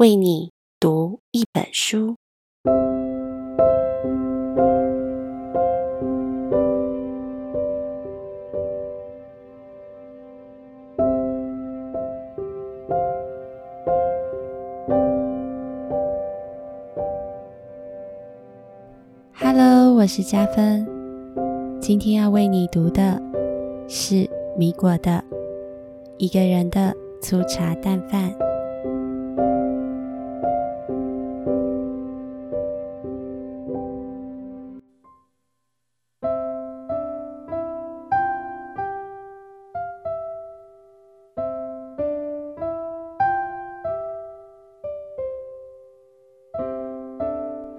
為你讀一本書。Hello，我是佳芬，今天要為你讀的是米果的《一個人的粗茶淡飯》。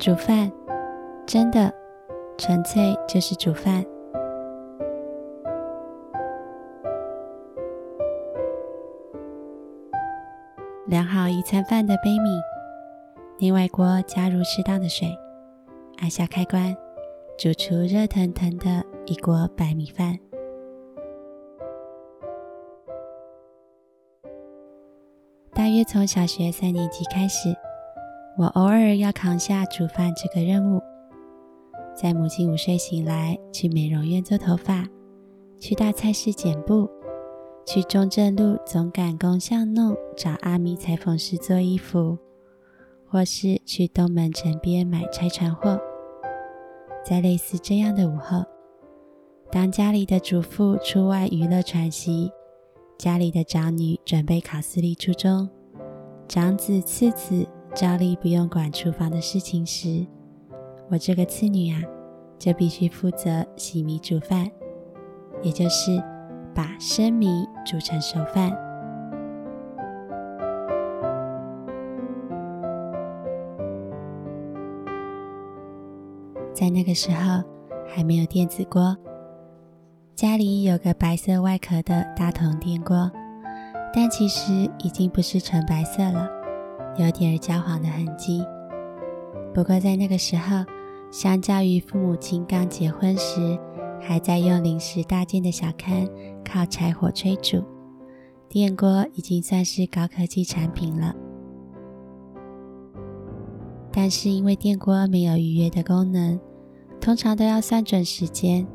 煮飯，真的，純粹就是煮飯。量好一餐飯的杯米，另外一鍋加入適當的水，按下開關，煮出熱騰騰的一鍋白米飯。大約從小學三年級開始。我偶爾要扛下煮飯這個任務，在母親午睡醒來，去美容院做頭髮，去大菜市剪布，去中正路總趕工巷弄找阿咪裁縫師做衣服，或是去東門城邊買拆船貨。在類似這樣的午後，當家裡的主婦出外娛樂喘息，家裡的長女準備考私立初中，長子刺刺、次子，照例不用管廚房的事情時，我這個次女啊，就必須負責洗米煮飯，也就是把生米煮成熟飯。在那個時候，還沒有電子鍋，家裡有個白色外殼的大同電鍋，但其實已經不是純白色了。有點兒焦黃的痕跡。不過在那個時候，相較於父母親剛結婚時還在用臨時搭建的小坑靠柴火炊煮，電鍋已經算是高科技產品了。但是因為電鍋沒有預約的功能，通常都要算準時間。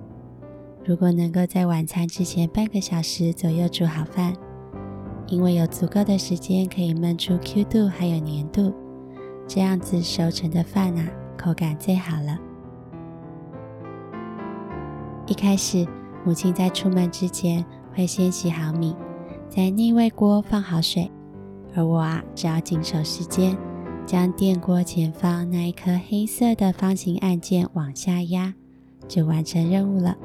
如果能夠在晚餐之前半個小時左右煮好飯。因為有足夠的時間可以燜出 Q 度還有粘度這樣子熟成的飯啊，口感最好了。一開始，母親在出門之前會先洗好米，在內外鍋放好水，而我啊，只要謹守時間，將電鍋前方那一顆黑色的方形按鍵往下壓，就完成任務了。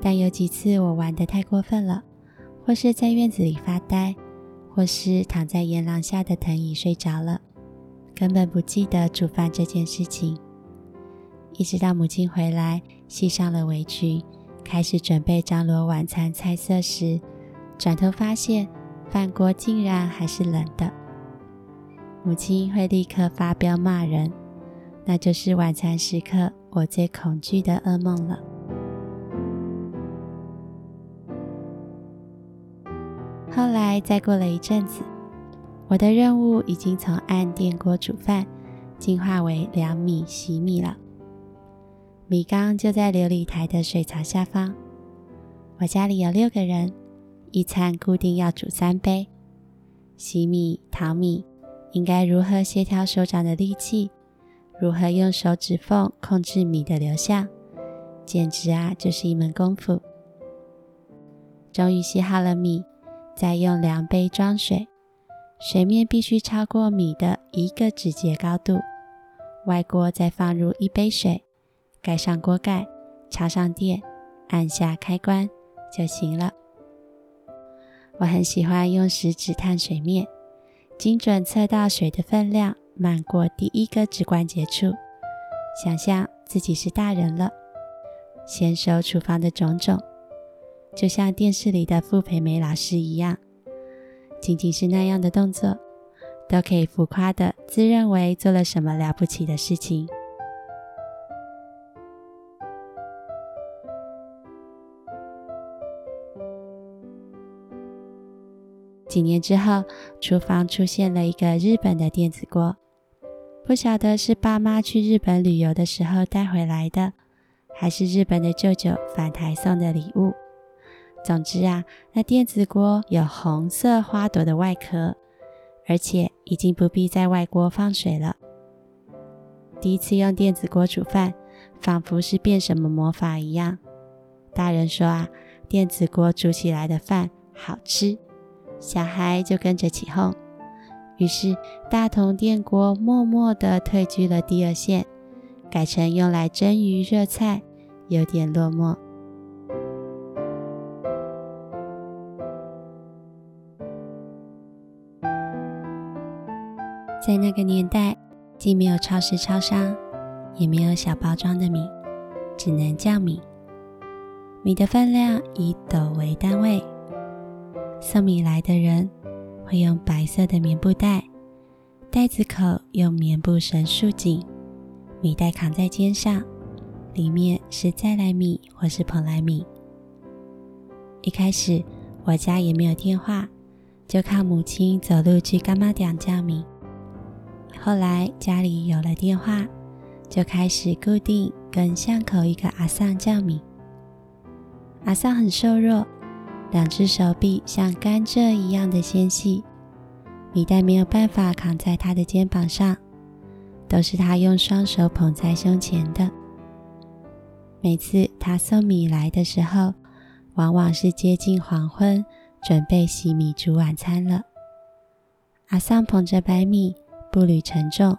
但有幾次我玩得太過分了。或是在院子裡發呆，或是躺在簷廊下的藤椅睡着了，根本不記得煮飯這件事情。一直到母親回來，繫上了圍裙，開始準備張羅晚餐菜色時，轉頭發現飯鍋竟然還是冷的。母親會立刻發飆罵人，那就是晚餐時刻我最恐懼的噩夢了。後來再過了一陣子，我的任務已經從按電鍋煮飯進化為量米洗米了。米缸就在流理台的水槽下方。我家裡有六個人，一餐固定要煮三杯。洗米淘米，應該如何協調手掌的力氣？如何用手指縫控制米的流向？簡直啊，就是一門功夫。終於洗好了米。再用量杯裝水，水面必須超過米的一個指節高度。外鍋再放入一杯水，蓋上鍋蓋，插上電，按下開關就行了。我很喜歡用食指探水面，精準測到水的分量漫過第一個指關節處。想象自己是大人了，嫻熟廚房的種種。就像電視裡的傅培梅老師一樣，僅僅是那樣的動作，都可以浮誇的自認為做了什麼了不起的事情。幾年之後，廚房出現了一個日本的電子鍋，不曉得是爸媽去日本旅遊的時候帶回來的，還是日本的舅舅返台送的禮物。總之啊，那電子鍋有紅色花朵的外殼，而且已經不必在外鍋放水了。第一次用電子鍋煮飯，仿佛是變什麼魔法一樣。大人說啊，電子鍋煮起來的飯好吃，小孩就跟着起哄。於是大同電鍋默默地退居了第二線，改成用來蒸魚、熱菜，有點落寞。在那個年代，既沒有超市、超商，也沒有小包裝的米，只能叫米。米的分量以斗為單位。送米來的人會用白色的棉布袋，袋子口用棉布繩束緊，米袋扛在肩上，裡面是再來米或是蓬萊米。一開始我家也沒有電話，就靠母親走路去乾媽店叫米。後來家裡有了電話，就開始固定跟巷口一個阿桑叫米。阿桑很瘦弱，兩隻手臂像甘蔗一樣的纖細，米袋沒有辦法扛在他的肩膀上，都是他用雙手捧在胸前的。每次他送米來的時候，往往是接近黃昏，準備洗米煮晚餐了。阿桑捧着白米。步履沉重，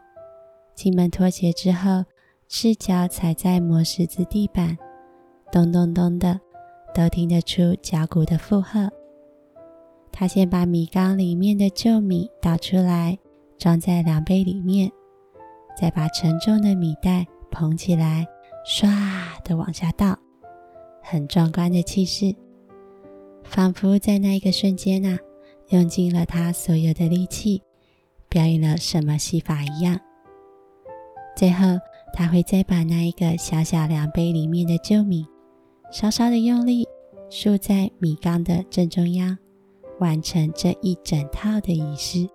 進門脫鞋之後，赤腳踩在磨石子地板，咚咚咚的，都聽得出腳骨的負荷。他先把米缸裡面的舊米倒出來，裝在量杯裡面，再把沉重的米袋捧起來，唰的往下倒，很壯觀的氣勢，仿佛在那一個瞬間吶、啊，用盡了他所有的力氣。表演了什麼戲法一樣。最後，他會再把那一個小小量杯裡面的舊米，稍稍的用力豎在米缸的正中央，完成這一整套的儀式。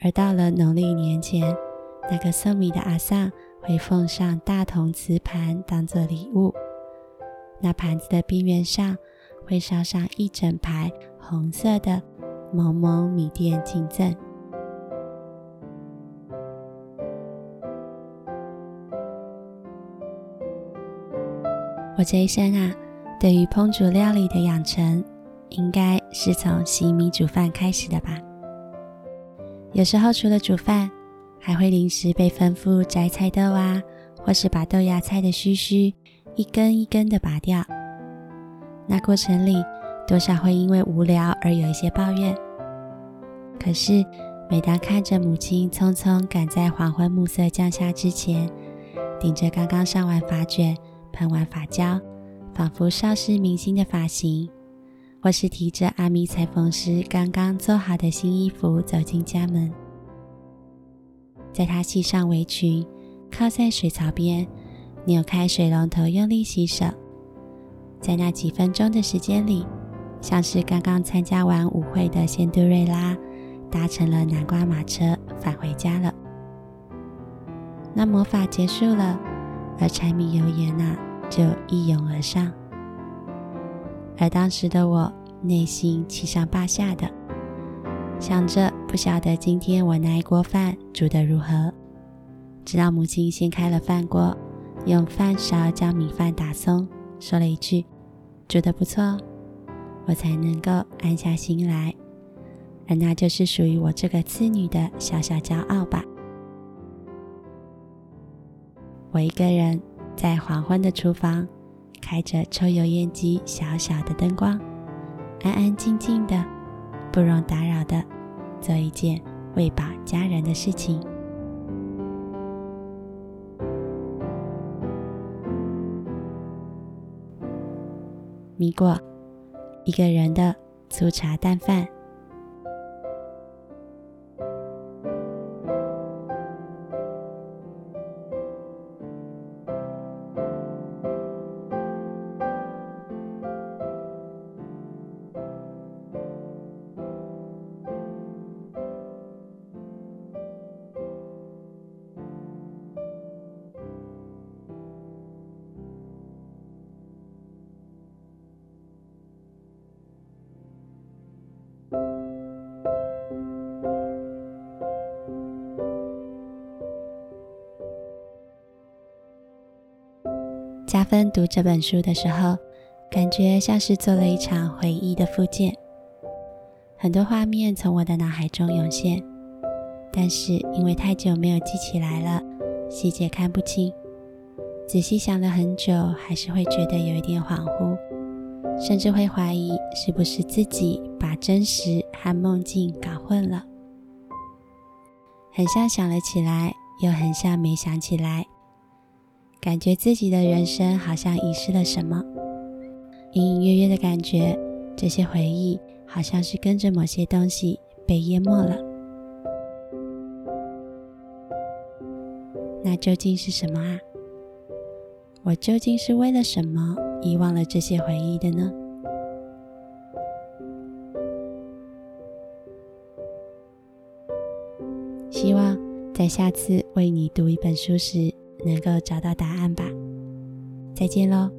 而到了農曆年前，那個送米的阿桑會奉上大同瓷盤當做禮物，那盤子的邊緣上。會燒上一整排紅色的某某米店敬贈。我這一生啊，對於烹煮料理的養成，應該是從洗米煮飯開始的吧。有時候除了煮飯，還會臨時被吩咐摘菜豆啊，或是把豆芽菜的鬚鬚一根一根的拔掉。那過程裡，多少會因為無聊而有一些抱怨。可是，每當看着母親匆匆趕在黃昏暮色降下之前，頂着剛剛上完髮卷、噴完髮膠，仿佛少時明星的髮型，或是提着阿彌裁縫師剛剛做好的新衣服走進家門，在她繫上圍裙，靠在水槽邊，扭開水龍頭用力洗手。在那幾分鐘的時間裡，像是剛剛參加完舞會的仙杜瑞拉，搭乘了南瓜馬車返回家了。那魔法結束了，而柴米油鹽呢、啊，就一擁而上。而當時的我內心七上八下的，想着不曉得今天我那一鍋飯煮得如何。直到母親掀開了飯鍋，用飯勺將米飯打鬆。說了一句：“煮的不錯，我才能夠安下心來，而那就是屬於我這個次女的小小驕傲吧。”我一個人在黃昏的廚房，開着抽油煙機小小的燈光，安安靜靜的，不容打擾的，做一件餵飽家人的事情。米果，一個人的粗茶淡飯。家芬讀這本書的時候，感覺像是做了一場回憶的復健，很多畫面從我的腦海中湧現，但是因為太久沒有記起來了，細節看不清。仔細想了很久，還是會覺得有一點恍惚，甚至會懷疑是不是自己把真實和夢境搞混了，很像想了起來，又很像沒想起來。感覺自己的人生好像遺失了什麼，隱隱約約的感覺，這些回憶好像是跟着某些東西被淹沒了。那究竟是什麼啊？我究竟是為了什麼遺忘了這些回憶的呢？希望在下次為你讀一本書時。能夠找到答案吧，再見嘍。